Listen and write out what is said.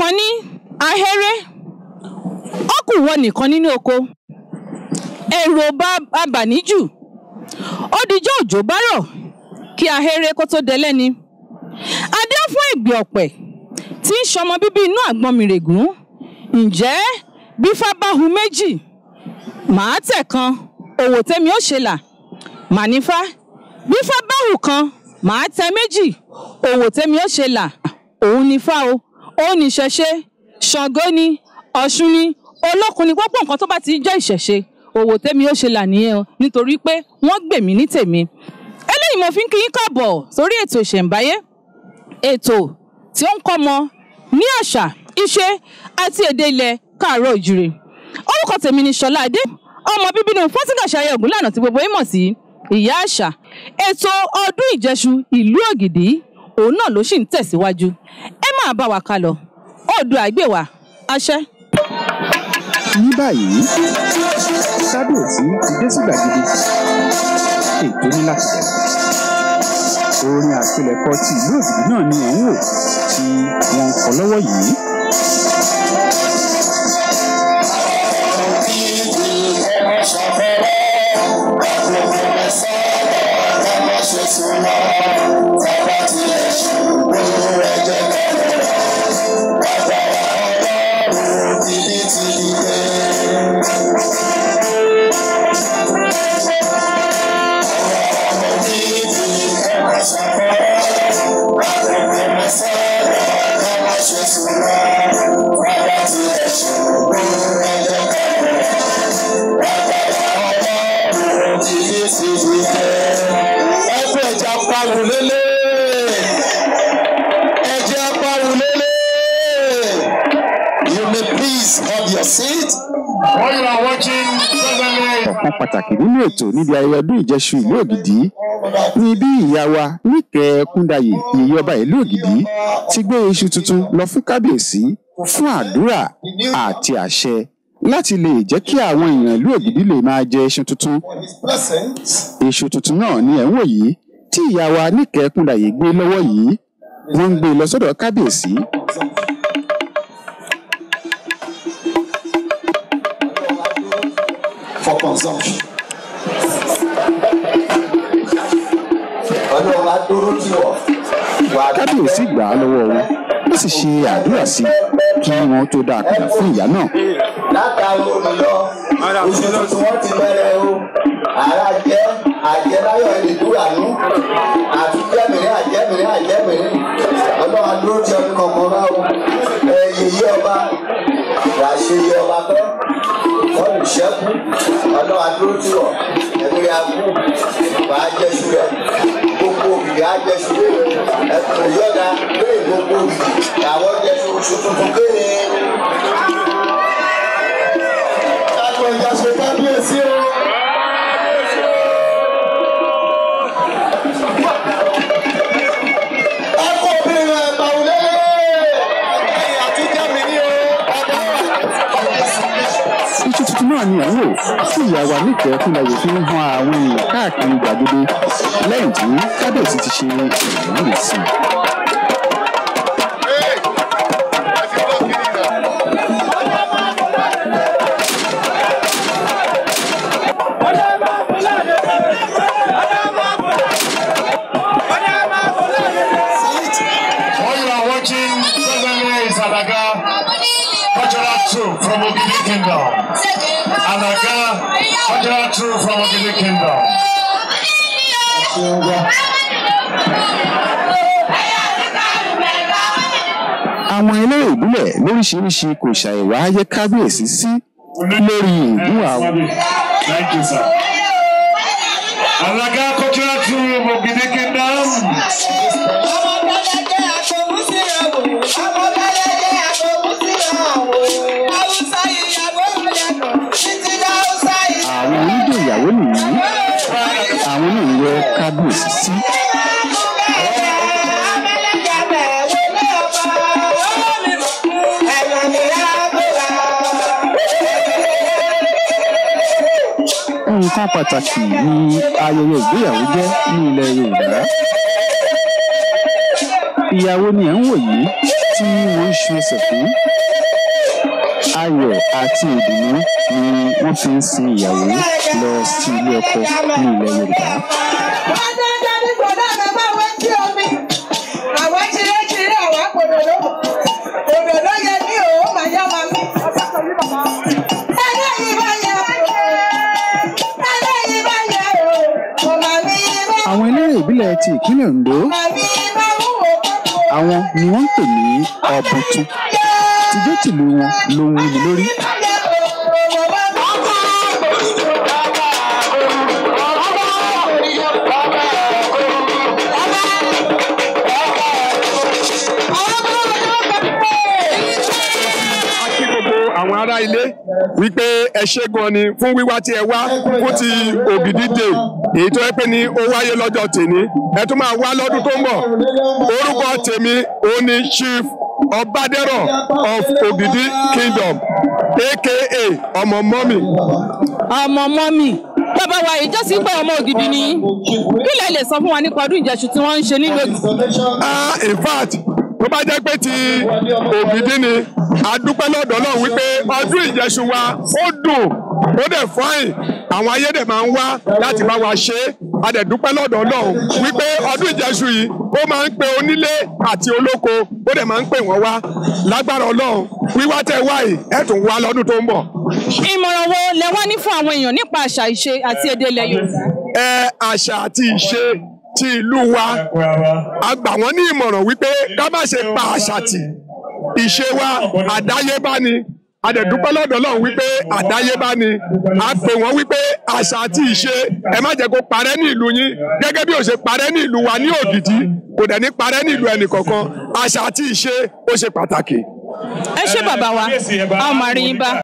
kan ní ahéré ó kù wọ nìkan nínú oko ẹ̀rù ò bá abàníjù ó dijọ́ òjò bá rọ̀ kí ahéré kó tó dẹlẹ́ni adé fún ìgbì ọ̀pẹ̀ tí ń ṣọmọ bíbí inú àgbọn mìrègùn ǹjẹ́ bífá bá hu méjì màá tẹ̀ kan òwò tẹ́mi ó ṣe là mà nífá bífá kan màá tẹ méjì òwò tẹ́mi ó ṣe là òun nífá o òun ṣàngó ni ọ̀ṣun ni olókun ni pọ́pọ́ nǹkan tó bá ti jẹ́ ìṣẹ̀ṣe òwò tèmi ó ṣe là o nítorí pé wọ́n gbè mí ní tèmi eléyìí mo fi ń kí yín káàbọ̀ sórí ètò ìṣẹ̀ǹbáyé ètò tí ó ń kọ́mọ ní àṣà ìṣe àti èdè ilẹ̀ káàárọ̀ òjúre orúkọ tèmi ni ṣọlá adé ọmọ bíbí ni fọ́tígàṣayé ògúnlànà tí gbogbo yín mọ̀ sí ìyá àṣà ètò ọdún ìjẹṣu ìlú ògìdì òun náà ló sì ń tẹ̀síwájú máa bá wa ká lọ Oòduà gbè wá àṣẹ. ní báyìí kábíyèsí ti dé sí gbàgede ètò ní láti bẹ̀rẹ̀ orin àpilẹ̀kọ ti ìlú Ògìdì náà ni ẹ̀ ń wò tí wọ́n ń lọ́wọ́ yìí. your you are watching presently. Ọ̀kan pàtàkì nínú ètò níbi ayẹyẹ ọdún ìjẹṣu ìlú Ògìdì ni bí ìyá wa Níkẹ́ Kúndayè ìyọba ìlú Ògìdì ti gbé iṣu tuntun lọ fún kábíyèsí fún àdúrà àti àṣẹ láti lè jẹ́ kí àwọn èèyàn ìlú Ògìdì lè máa jẹ iṣu tuntun. Iṣu tuntun náà ni ẹ̀ ń wò yìí tí ìyá wa Níkẹ́ Kúndayè gbé lọ́wọ́ yìí wọ́n ń gbé lọ sọ́dọ̀ kábíyèsí consumption. ọlọ́run á dúró tì wọ́. kábíyèsí gbà á lọ́wọ́ wọn ó sì ṣe àdúrà sí i kí wọ́n tó dáa padà fún ìyá náà. látàrí olùyọ oṣù tuntun wọn ti bẹ̀rẹ̀ o àrà jẹ́ àjẹbáyọ̀ ìdúrànú àti jẹ́mìrín àjẹmìrín àjẹmìrín ọlọ́run á dúró tì ọdún kan mọ́ra o ẹ̀yìn yí ọba wàá ṣe yí ọba tán wọ́n lè ṣẹ́kù dúró tì wọ́n ẹ̀mí abú bá a jẹ́ ṣúgà gbogbo òbí a jẹ́ ṣúgà ẹ̀kùn yọ̀dá gbogbo òbí àwọn jẹ́ tuntun kéèyàn. náà ni à ń wò sí ìyàwó àníkẹ́ fúnlayò fi ń han àwọn èèyàn káàkiri gbàgede lẹ́yìn tí kábíyèsí ti ṣe ìwúrí sí i. from Ogi Continue to from the kingdom. Àwọn eléré ìbílẹ̀ lóríṣiríṣi kò ṣàìwá ayé kábíyèsí sí lórí ìlú àwọn. Alága continue to. alábòsí. nǹkan pàtàkì ni ayẹyẹ ìgbéyàwó jẹ́ ní ilẹ̀ Yorùbá. ìyàwó ni ẹ̀ ń wò yìí tí wọ́n ń ṣe ẹsẹ̀ fún. ayọ̀ àti ìdùnnú ni fi ń sin ìyàwó lọ sí ilé ọkọ ní ilẹ̀ Yorùbá. àwọn eléré ìbílẹ̀ ti ìpínlẹ̀ Ondo àwọn ni wọ́n ń pè ní ọ̀bùtún tìjọ́tìlú wọn ló ń wúni lórí. ará ilé wípé ẹ ṣé gan ni fún wíwá tí ẹ wá fún ti ògidì dè èyí tó yẹ pé ni ó wáyé lọ́jọ́ tèmi ẹ tún máa wá lọ́dún tó ń bọ̀ orúkọ tèmi ó ní Chief Ọbadẹ̀rọ̀ of Ògidì Kingdom aka ọmọ mọ́mì. ọmọ mọ́mì bàbá wa yìí jọ́sìn pé ọmọ Ògidì ni kí lẹ lè sọ fún wa nípa ọdún Ìjẹ̀ṣù tí wọ́n ń ṣe nílùú Èkìtì. ah in fact tó bá jẹ́ pé ti òbídí ni adúpẹ́ lọ́dọ̀ náà wípé ọdún ìjẹsùn wa ó dùn ó dẹ̀ fọ́ìn àwọn ayé dẹ̀ máa ń wá láti bá wa ṣe é a dẹ̀ dúpẹ́ lọ́dọ̀ náà wípé ọdún ìjẹsù yìí ó máa ń pe onílé àti olóko ó dẹ̀ máa ń pè wọ́n wá lágbára ọlọ́run wíwá tẹ wá yìí wá lọ́dún tó ń bọ̀. ìmọ̀ràn wo lẹ wá ní fún àwọn èèyàn nípa àṣà ìṣe àti èdè ilẹ̀ Yorùbá. ẹ àṣà àti ìṣe ti ìlú wa a gbà wọ́n ní ìmọ̀ràn wípé ká má ṣe pa àṣà tì ìṣe wa àdáyébá ni adẹ̀dúpẹ́ wípé àdáyébá ni a pè wọ́n wípé àṣà àti ìṣe ẹ má jẹ́ kó parẹ́ ní ìlú yín gẹ́gẹ́ bí ó ṣe parẹ́ ní ìlú wa ní Ògìdì kò dẹ̀ ní parẹ́ ní ìlú ẹnì kọ̀ọ̀kan àṣà àti ìṣe ó ṣe pàtàkì. ẹ ṣé bàbá wa a máa rí yín bá.